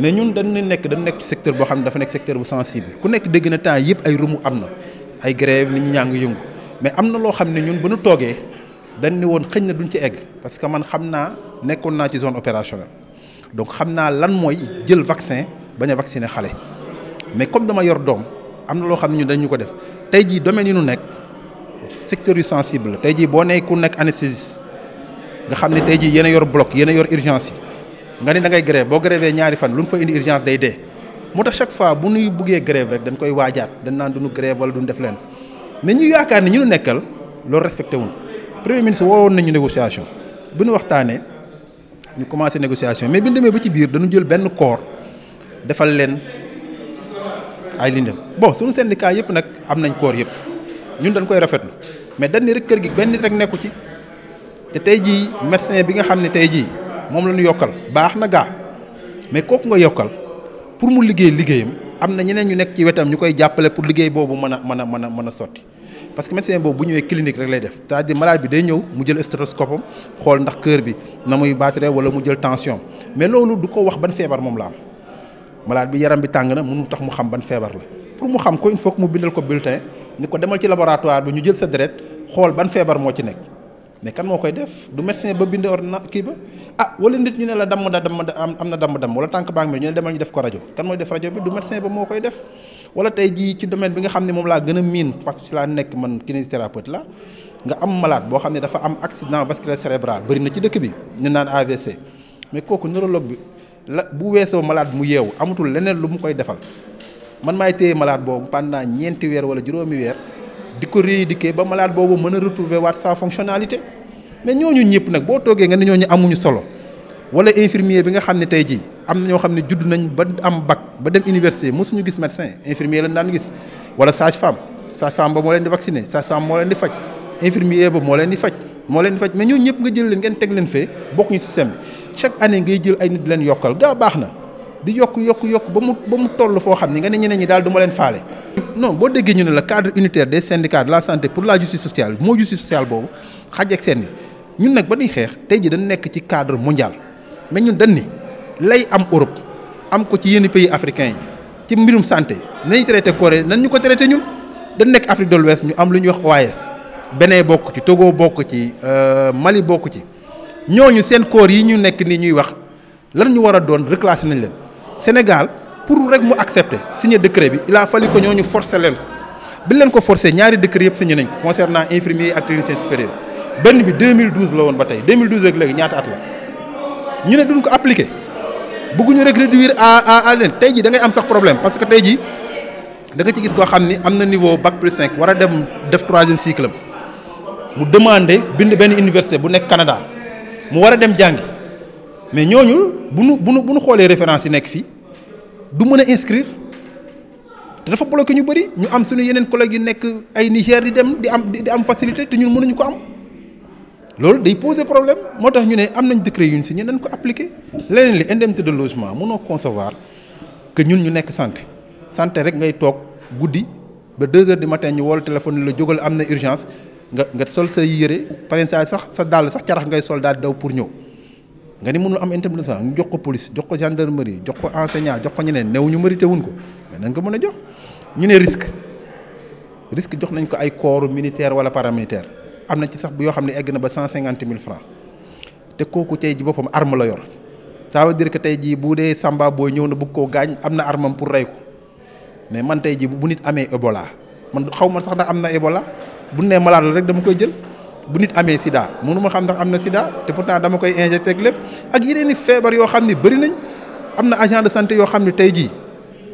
mais ñun dañu nekk dañu nekk ci secteur boo xam ne dafa nekk secteur bu sensible ku nekk dégg na temps yëpp ay rumu am na ay grève ni ñi ñaa ngi yëngu mais am na loo xam ne ñun bu ñu toogee dañ ni woon xëñ na duñ ci egg parce que man xam naa nekkoon naa ci zone opérationnelle donc xam naa lan mooy jël vaccin bañ a vacciner xale mais comme dama yor doom am na loo xam ne ñun dañu ko def tey jii domaine yi nu nekk secteur yu sensible tey jii boo nekk ku nekk nga xam ne tey jii yéen a yor bloc yéen yor urgence yi nga ni dangay ngay boo grévé ñaari fan lu ñu fa indi urgence day dee moo tax chaque fois bu nuy buggee grève rek dañ koy waajaat dañ naan duñu grève wala duñu def leen mais ñu yaakaar ni ñu nekkal loolu respecté wuñ premier ministre waroon nañu négociation bi nu waxtaanee ñu commencé négociation mais bi ñu demee ba ci biir danu jël benn corps defal leen ay bo bon suñu syndicat yëpp nag am nañ corps yëpp ñun dañ koy rafetlu mais dañ ni kër gi benn rek nekku ci te tey jii médecin bi nga xam ne tey jii moom la ñu yokkal baax na gaa mais kooku nga yokkal pour mu liggéey liggéeyam am na ñeneen ñu nekk ci wetam ñu koy jàppale pour liggéey boobu mën a mën a mën a a sotti parce que médecin boobu bu ñëwee clinique rek lay def cest à bi day ñëw mu jël stéthoscope am xool ndax cœur bi na muy battre wala mu jël tension mais loolu du ko wax ban feebar moom la am malade bi yaram bi tàng na mu tax mu xam ban feebar la pour mu xam ko il mu bindal ko bulletin ñu ko demal ci laboratoire bi ñu jël sa deret xool ban feebar moo ci nekk mais kan moo koy def du médecin ba bind ordonnance kii ba ah wala nit ñu ne la damm da damm da am na damm damm wala tànk baa ngi mel ñu ne demal ñu def ko rajo kan mooy def rajo bi du médecin ba moo koy def wala tey jii ci domaine bi nga xam ne moom laa gën a miin parce que ci laa nekk man kinésithérapeute la nga am malaat boo xam ne dafa am accident vasculaire cérébral bëri na ci dëkk bi ñu naan AVC mais kooku neurologue bi la bu weesoo malaat mu yeewu amatul leneen lu mu koy defal man maay téye malade boobu pendant ñeenti weer wala juróomi weer. di ko dikkee ba malaat boobu mën a retrouver waat saa fonctionnalité mais ñooñu ñëpp nag boo toogee nga ne ñooñu amuñu solo wala infirmier bi nga xam ne tey jii am na ñoo xam ne judd nañ ba am bag ba dem université mosuñu gis médecin infirmier lañ daan gis wala sage-femme sage-femme ba moo leen di vacciner sage-femme moo leen di faj infirmier ba moo leen di faj moo leen di faj mais ñooñu ñëpp nga jël leen ngeen teg leen fee bokkuñu système bi chaque année ngay jël ay nit leen yokkal gaa baax na di yokk yokk yokk ba mu ba mu toll foo xam ne nga ne ñeneen ñi daal leen faale non boo déggee ñu ne la cadre unitaire de syndicats de la santé pour la justice sociale moo justice sociale boobu xaj ak seen i ñun nag ba ñuy xeex tey ji dañ nekk ci cadre mondial mais ñu dañ ni lay am Europe am ko ci yenn pays africain yi ci mbirum santé nañu traité Corée nan ñu ko traité ñun dañ nekk Afrique de l'Ouest ñu am lu ñuy wax OAS Bénin bokk ci Togo bokk ci euh, Mali bokk ci ñooñu seen corps yi ñu nekk nii ñuy wax lan ñu war a doon reclassé nañ leen Sénégal. pour rek mu accepter signer décret bi il fali fallu que ñooñu forcer leen ko bi leen ko forcer ñaari décret yëpp signé nañ ko concernant infirmier ak technicien supérieur benn bi 2012 la woon ba tey 2012 ak léegi ñaata at la ñu ne duñ ko appliqué bëgguñu rek réduire à à leen tey ji da ngay am sax problème parce que tey ji danga ci gis koo xam ni am na niveau bac cinq war a dem def troisième cycle am mu demandé bind benn université bu nekk Canada mu war a dem jàngi mais ñooñu bu nu bu nu bu nu xoolee référence yi nekk fii. du mën a inscrire te dafa bloqué ñu bëri ñu am suñu yeneen collègues yu nekk ay Niger di dem di am di am facilité te ñun mënuñu ko am loolu day poser problème moo tax ñu ne am nañ décret yuñ signé nañ ko appliqué leneen li indemnité de logement mënoo concevoir que ñun ñu nekk santé sante rek ngay toog guddi ba deux heures di matin ñu wol téléphone la jógal am na urgence nga nga sol sa yére paren saay sax sa dàll sax carax ngay sol daw pour ñëw nga ni mënul am intervention ñu jox ko police jox ko gendarmerie jox ko enseignant jox ko ñeneen new ñu mérité wuñ ko mais nañ ko mën a jox ñu ne risque risque jox nañ ko ay corps militaire wala paramilitaire am na ci sax bu yoo xam ne egg na ba cent cinquante mille francs te kooku tey ji boppam arme la yor ça veut dire que tey jii bu dee samba booy ñëw na bëgg koo gaañ am na armam pour rey ko mais man tey ji bu nit amee Ebola man xaw ma sax ndax am na Ebola bu nee malade rek dama koy jël. bu nit amee sida mënuma xam ndax am na sida te pourtant dama koy injecté ak lépp ak yeneen i feebar yoo xam ne bëri nañ am na agent de santé yoo xam ne tey jii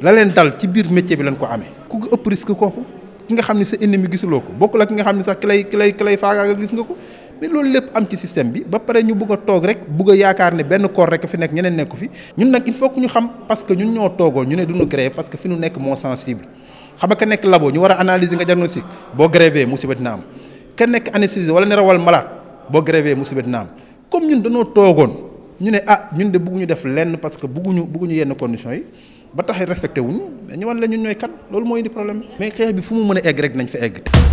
la leen dal ci biir métier bi lañ ko amee ku ëpp risque kooku ki nga xam ni sa ennemi gisuloo ko bokk la ki nga xam ne sax ki lay ki lay ki lay gis nga ko mais loolu lépp am ci système bi ba pare ñu bëgg toog rek bëgg yaakaar ne benn corps rek fi nekk ñeneen nekku fi ñun nag il faut que ñu xam parce que ñun ñoo toogoo ñu ne duñu grève parce que fi ñu nekk moo sensible xam nga nekk labo ñu war a analyser nga diagnostic boo grévé musiba dina am kenn nekk anesthésiste wala ne rawal malade boo grévé musiba dina comme ñun dañoo toogoon ñu ne ah ñun de ñu def lenn parce que bëgguñu bëgguñu yenn conditions yi ba tax respecté wuñu mais ñëwan la ñun ñooy kan loolu moo indi problème mais xeex bi fu mu mën a egg rek nañ fa egg.